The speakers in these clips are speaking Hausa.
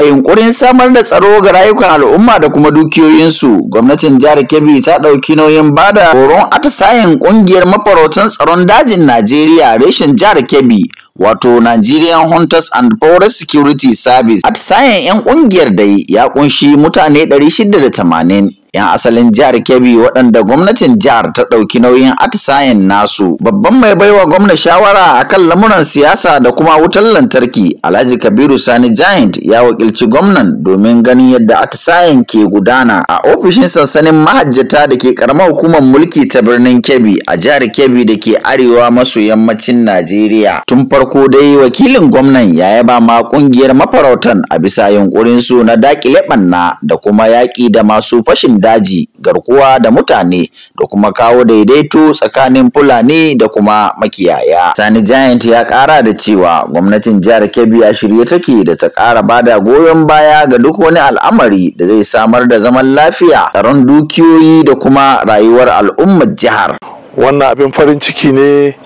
a yunkurin samar da tsaro ga rayukan al'umma da kuma dukiyoyinsu gwamnatin jihar kebbi ta ɗauki nauyin bada horon atisayen ƙungiyar mafarautan tsaron dajin najeriya reshen jihar kebbi wato Nigerian Hunters and Forest Security Service. Atisayen 'yan ƙungiyar dai ya ƙunshi mutane 680 'yan asalin jihar Kebbi waɗanda gwamnatin jihar ta ɗauki nauyin atisayen nasu. Babban mai baiwa gwamna shawara akan lamuran siyasa da kuma wutar lantarki Alhaji Kabiru Sani Giant ya wakilci gwamnan domin ganin yadda atisayen ke gudana a ofishin sansanin mahajjata da ke karamar hukumar mulki ta birnin Kebbi a jihar Kebbi da ke arewa maso yammacin Najeriya. Tun farko dai wakilin gwamnan ya yaba ma kungiyar mafarautan a bisa yunkurin su na dakile ɓanna da kuma yaƙi da masu fashin daji garkuwa da mutane da kuma kawo daidaito tsakanin fulani da kuma makiyaya sani giant ya kara da cewa gwamnatin jihar kebbi a shirye take da ta kara bada goyon baya ga duk wani al'amari da zai samar da zaman lafiya tsaron dukiyoyi da kuma rayuwar al'ummar jihar wannan abin farin ciki ne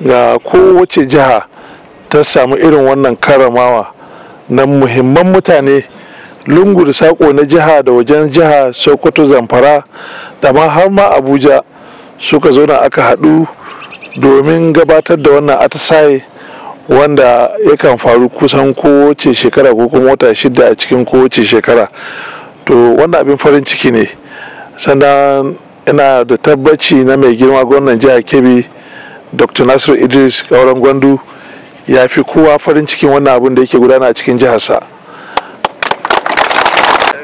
ga kowace jiha ta samu irin wannan karamawa na muhimman mutane lungu da sako na jiha da wajen jiha sokoto zamfara da ma har ma abuja suka zauna aka haɗu domin gabatar da wannan atisaye wanda yakan faru kusan kowace shekara ko kuma wata shida a cikin kowace shekara to wannan abin farin ciki ne sannan ina da tabbaci na mai girma gwamnan jihar kebbi dr nasiru idris kauran gwandu ya fi kowa farin cikin wannan abin da yake gudana a cikin jiharsa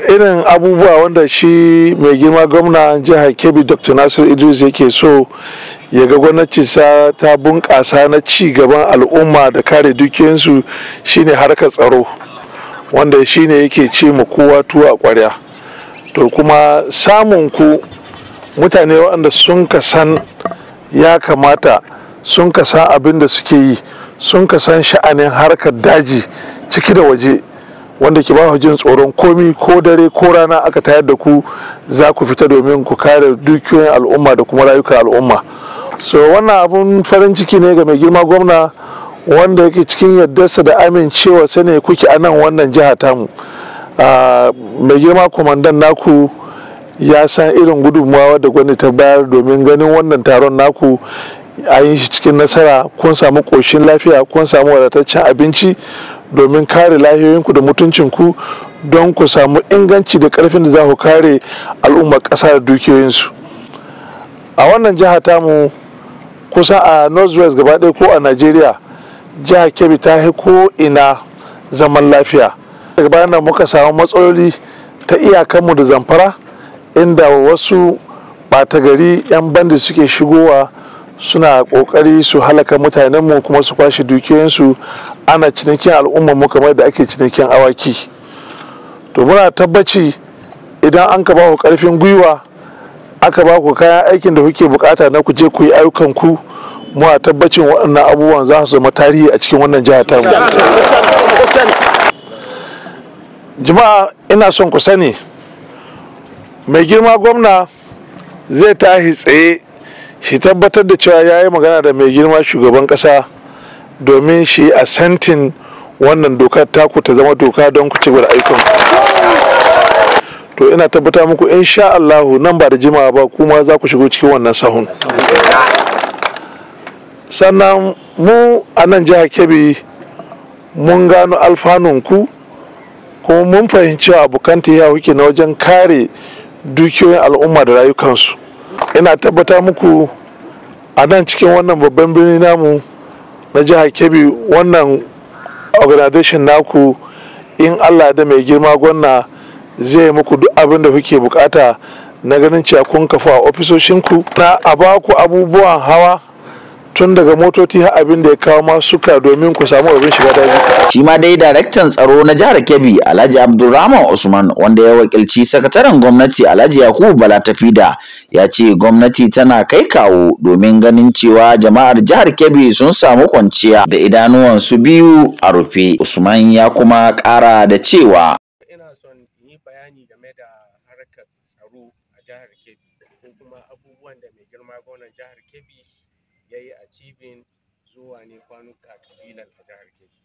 irin abubuwa wanda shi mai girma gwamna jihar kebbi dr nasir idris yake so ya ga gwamnati ta bunƙasa na ci gaban al'umma da kare dukiyansu shine harkar tsaro wanda shine yake ce mu kowa tuwa a ƙwarya to kuma samun ku mutane waɗanda sun ka ya kamata sun ka abin da suke yi sun kasan sha'anin harkar daji ciki da waje wanda ke ba jin tsoron komi ko dare ko rana aka tayar da ku za ku fita domin ku kare dukiyoyin al'umma da kuma rayuka al'umma so wannan abun farin ciki ne ga mai girma gwamna wanda yake cikin yardarsa da amincewa sai ne kuke a nan wannan jiha mu. Ah, mai girma kwamandan naku ya san irin gudunmawa da gwani ta bayar domin ganin wannan taron naku a yi shi cikin nasara kun samu koshin lafiya kun samu wadataccen abinci domin kare lahiyoyinku da mutuncinku don ku samu inganci da karfin da za ku kare al'ummar ƙasa da dukiyoyinsu a wannan jiha tamu kusa a northwest gaba ɗaya ko a nigeria jiha kebbi ta ko ina zaman lafiya daga bayan nan muka samu matsaloli ta iyakanmu da zamfara inda wasu ɓata gari 'yan bandi suke shigowa suna ƙoƙari su halaka mutanenmu kuma su kwashe dukiyoyinsu ana cinikin al'ummar mu kamar da ake cinikin awaki to muna tabbaci idan an ka ba ku karfin gwiwa aka ba ku kayan aikin da kuke bukata na ku je ku yi ayyukan ku muna tabbacin waɗannan abubuwan za su zama tarihi a cikin wannan jihar tamu jama'a ina son ku sani mai girma gwamna zai tashi tsaye shi tabbatar da cewa ya yi magana da mai girma shugaban ƙasa domin shi a sentin wannan dokar taku ta zama doka don ku ci gaba da aikon to ina tabbata muku sha Allahu nan ba da jimawa ba kuma za ku shigo cikin wannan sahun sannan mu a nan jihar kebbi mun gano alfanunku kuma mun fahimci abokan ya kuke na wajen kare dukiyoyin al'umma da rayukansu ina tabbata muku a nan cikin wannan babban birni namu na jihar kebbi wannan organization naku in allah da mai girma gwanna zai muku duk abin da kuke bukata na ganin cewa kun kafa a ofisoshin ku na a baku abubuwan hawa tun daga motoci har abin da ya kawo ma suka domin ku samu abin shiga daji. Shi ma dai daraktan tsaro na jihar Kebbi Alhaji Abdulrahman Usman wanda ya wakilci sakataren gwamnati Alhaji Yakubu Bala Tafida ya ce gwamnati tana kai kawo domin ganin cewa jama'ar jihar Kebbi sun samu kwanciya da idanuwan su biyu a rufe. Usman ya kuma kara da cewa. Ina son bayani game harkar tsaro a jihar Kebbi abubuwan da mai girma jihar Kebbi ya yi achieving zuwa ne kwanuka kabilan a jihar Kebbi.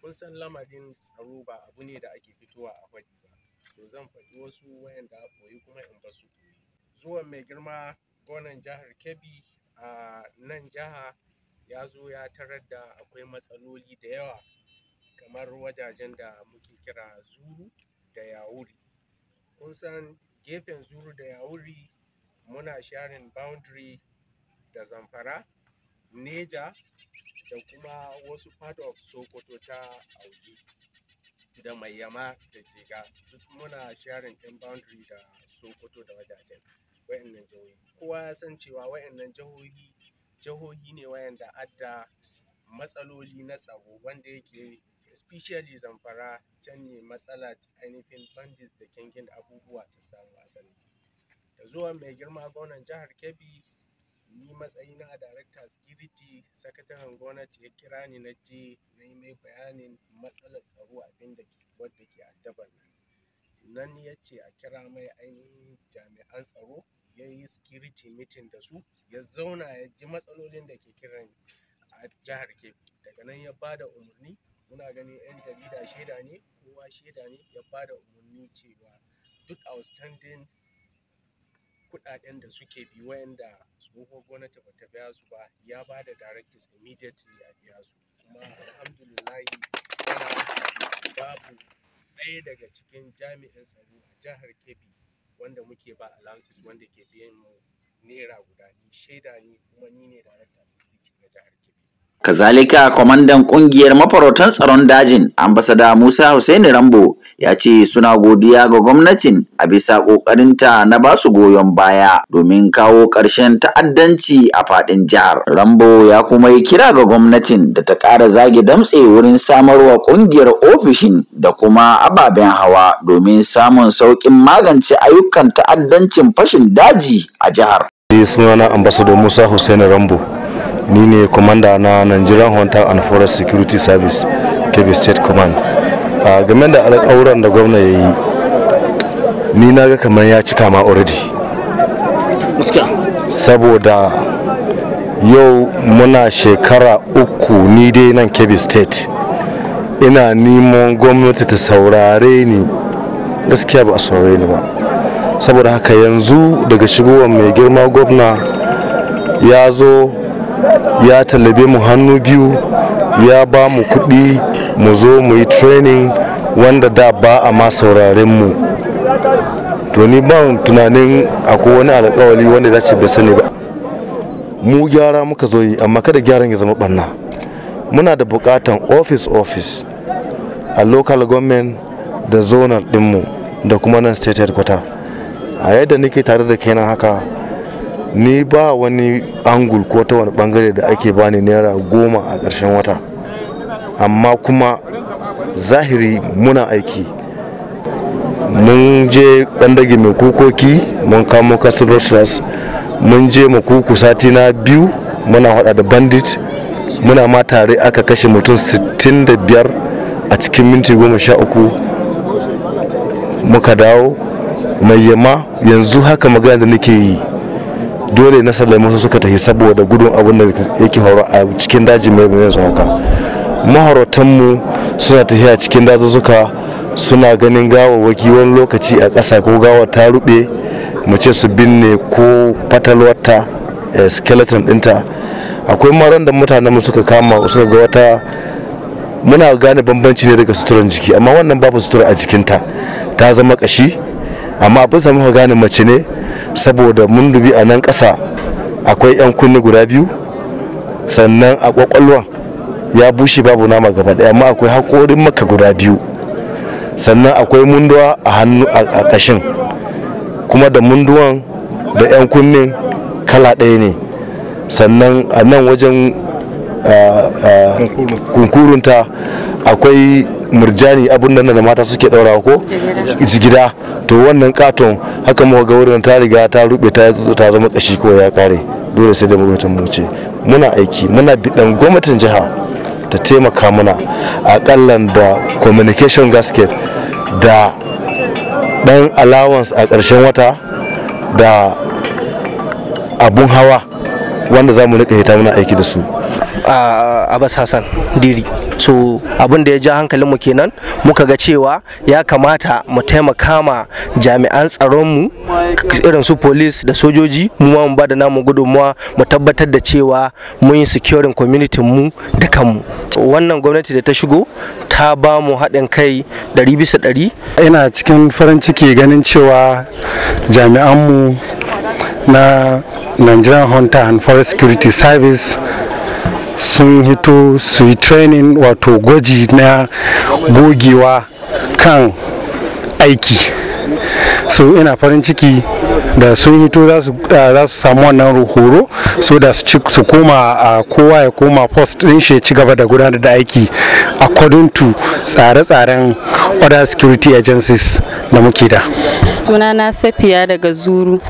Kun san lamarin tsaro ba abu ne da ake fitowa a faɗi ba, so zan faɗi wasu wayan da koyi kuma in ba su. Zuwan mai girma gonan jihar Kebbi a nan jiha ya zo ya tarar da akwai matsaloli da yawa kamar wajajen da muke kira zuru da yawuri. Kun san gefen zuru da yawuri muna sharing boundary da zamfara neja da kuma wasu part of sokoto ta auji da mai yama da jiga duk muna sharing ɗin boundary da sokoto da wajajen wayannan jihohi kowa ya san cewa wayannan jihohi jihohi ne wayanda adda matsaloli na tsaro wanda yake especially zamfara can ne matsala ainihin bandits da kingin abubuwa ta samu asali da zuwa mai girma gwamnan jihar kebbi ni matsayina a darakta security sakataren gwamnati ya kira ni na je na yi mai bayanin matsalar tsaro abin da ke wadda ke addabar nan nan ya ce a kira mai ainihin jami'an tsaro ya yi security meeting da su ya zauna ya ji matsalolin da ke kiran a jihar kebbi daga nan ya ba da umarni muna ganin 'yan jarida shaida ne kowa shaida ne ya ba da umarni cewa duk outstanding kuɗaɗen da suke bi wayanda tsohuwar gwamnati ba ta biya su ba ya ba da directives immediately a biya su kuma alhamdulillahi babu ɗaya daga cikin jami'in tsaro a jihar kebbi wanda muke ba allowances wanda ke biyan mu naira guda ni shaida ni kuma ni ne director security na jihar kebbi Kazalika kwamandan kungiyar mafarautar tsaron dajin ambasada Musa Hussaini Rambo ya ce suna godiya ga gwamnatin a bisa ƙoƙarinta na ba su goyon baya domin kawo ƙarshen ta'addanci a faɗin jihar. Rambo ya kuma yi kira ga gwamnatin da ta ƙara zage damtse wurin samarwa ƙungiyar ofishin da kuma ababen hawa domin samun sauƙin magance ayyukan ta'addancin fashin daji a jihar. Sunana ambasado Musa Hussaini Rambo. ni ne komanda na nigerian hunter and forest security service kebbi state command a game da alƙawuran da gwamna ya yi ni na ga kamar ya cika ma already saboda yau muna shekara uku ni dai nan kebbi state ina neman gwamnati ta saurare ni gaskiya ba a saurare ni ba saboda haka yanzu daga shigowar mai girma gwamna ya zo ya tallabe mu hannu biyu ya ba mu kuɗi mu zo mu yi training wanda da ba a ma sauraren mu to ni ba tunanin akwai wani alkawali wanda ya ce bai sani ba mu gyara muka zo yi amma kada gyaran ya zama barna muna da bukatan office office a local government da zonal dinmu da kuma nan state headquarter a yadda nake tare da kenan haka ni ba wani angul ko ta wani bangare da ake bani naira goma a ƙarshen wata amma kuma zahiri muna aiki mun je dage mai kukoki mun kamo castle mun je makuku sati na biyu muna hada da bandit muna ma tare aka kashe mutum 65 a cikin minti 13 sha muka dawo mai yama yanzu haka magana da nake yi dole na sallame su suka tafi saboda gudun abin da yake horo a cikin daji mai bayan su haka mu suna tafiya cikin dazuzzuka suna ganin gawawwaki wani lokaci a ƙasa ko gawar ta rube mace su binne ko fatalwarta eh, skeleton dinta akwai maran da mutanenmu suka kama suka ga wata muna gane bambanci ne daga suturan jiki amma wannan babu sutura a jikinta ta zama kashi amma abin samu muka gane mace ne saboda mun dubi a nan ƙasa akwai 'yan kunni guda biyu sannan a ƙwaƙwalwa ya bushe babu nama gaba ɗaya amma akwai haƙorin maka guda biyu sannan akwai munduwa a hannu a ƙashin kuma da munduwan da 'yan kunne kala ɗaya ne sannan a nan wajen kunkurunta akwai murjani abun nan da mata suke daura ko gida to wannan katon haka muka ga wurin ta riga ta rube ta ta zama kashi ko ya kare dole sai da gwamnatin mu ce muna aiki muna bidan gwamnatin jiha ta taimaka mana akallan da communication gasket da dan allowance a ƙarshen wata da abun hawa wanda zamu nika hita muna aiki da su abbas hassan diri so abin da ya ja hankalinmu kenan muka ga cewa ya kamata mu taimaka ma jami'an tsaronmu irin su police da sojoji mu ma mu ba da namu gudunmuwa mu tabbatar da cewa mun yi securing community mu da kanmu wannan gwamnati da ta shigo ta ba mu haɗin kai ɗari bisa ɗari ina cikin farin ciki ganin cewa jami'anmu na nigerian hunter and forest security service sun hito su yi training wato gwaji na gogewa kan aiki so ina farin ciki da sun hito za su samu wannan horo so da su koma a kowa ya koma post din shi ci gaba da gudanar da aiki according to tsare-tsaren other security agencies da muke da sunana safiya daga zuru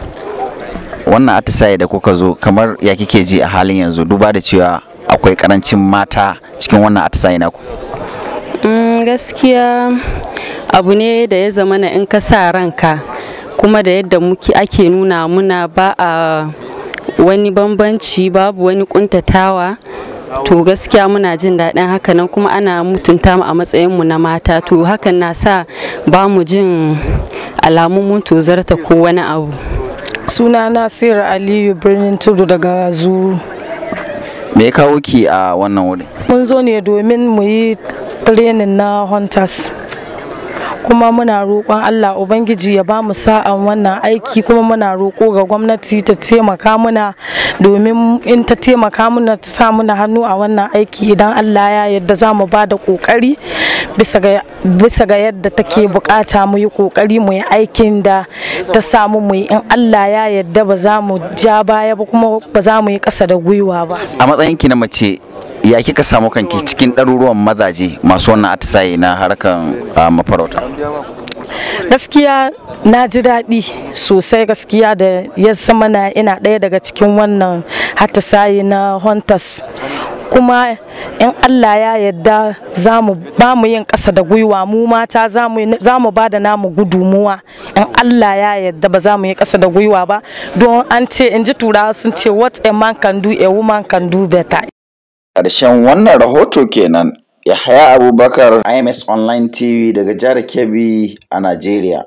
wannan atisaye da kuka zo kamar ya kike ji a halin yanzu duba da cewa akwai karancin mata cikin wannan atisaye naku mm, gaskiya abu ne da ya zama na in ka sa ranka kuma da yadda muke ake nuna muna ba a wani bambanci babu wani kuntatawa to gaskiya muna jin daɗin hakanan kuma ana mutunta mu a matsayinmu na mata to hakan na sa ba mu jin alamun mun tozarta ko wani abu suna sira aliyu birnin tudu daga zuru me ya kawo ki a wannan wurin mun zo ne domin mu yi training na hunters kuma muna roƙon Allah Ubangiji ya ba mu sa'an wannan aiki kuma muna roƙo ga gwamnati ta taimaka muna domin in ta taimaka muna ta sa muna hannu a wannan aiki idan Allah ya yadda za mu ba da ƙoƙari bisa ga yadda take bukata mu yi ƙoƙari mu yi aikin da ta samu mu in Allah ya yadda ba za mu ja baya ba kuma ba za mu yi ƙasa da gwiwa ba a matsayin ki na mace ya kika samu kanki cikin ɗaruruwan mazaje masu wannan atisaye na harkan mafarauta gaskiya na ji daɗi sosai gaskiya da ya zama na ina ɗaya daga cikin wannan atisaye na hunters kuma in Allah ya yarda za mu ba mu yin ƙasa da gwiwa mu mata za mu ba da namu gudumuwa in Allah ya yarda ba za mu yi ƙasa da gwiwa ba don an ce in ji turawa sun ce what a man can do a woman can do better Ƙarshen wannan rahoto kenan. Yahaya Abubakar, IMS Online TV daga Jihar Kebbi a Najeriya.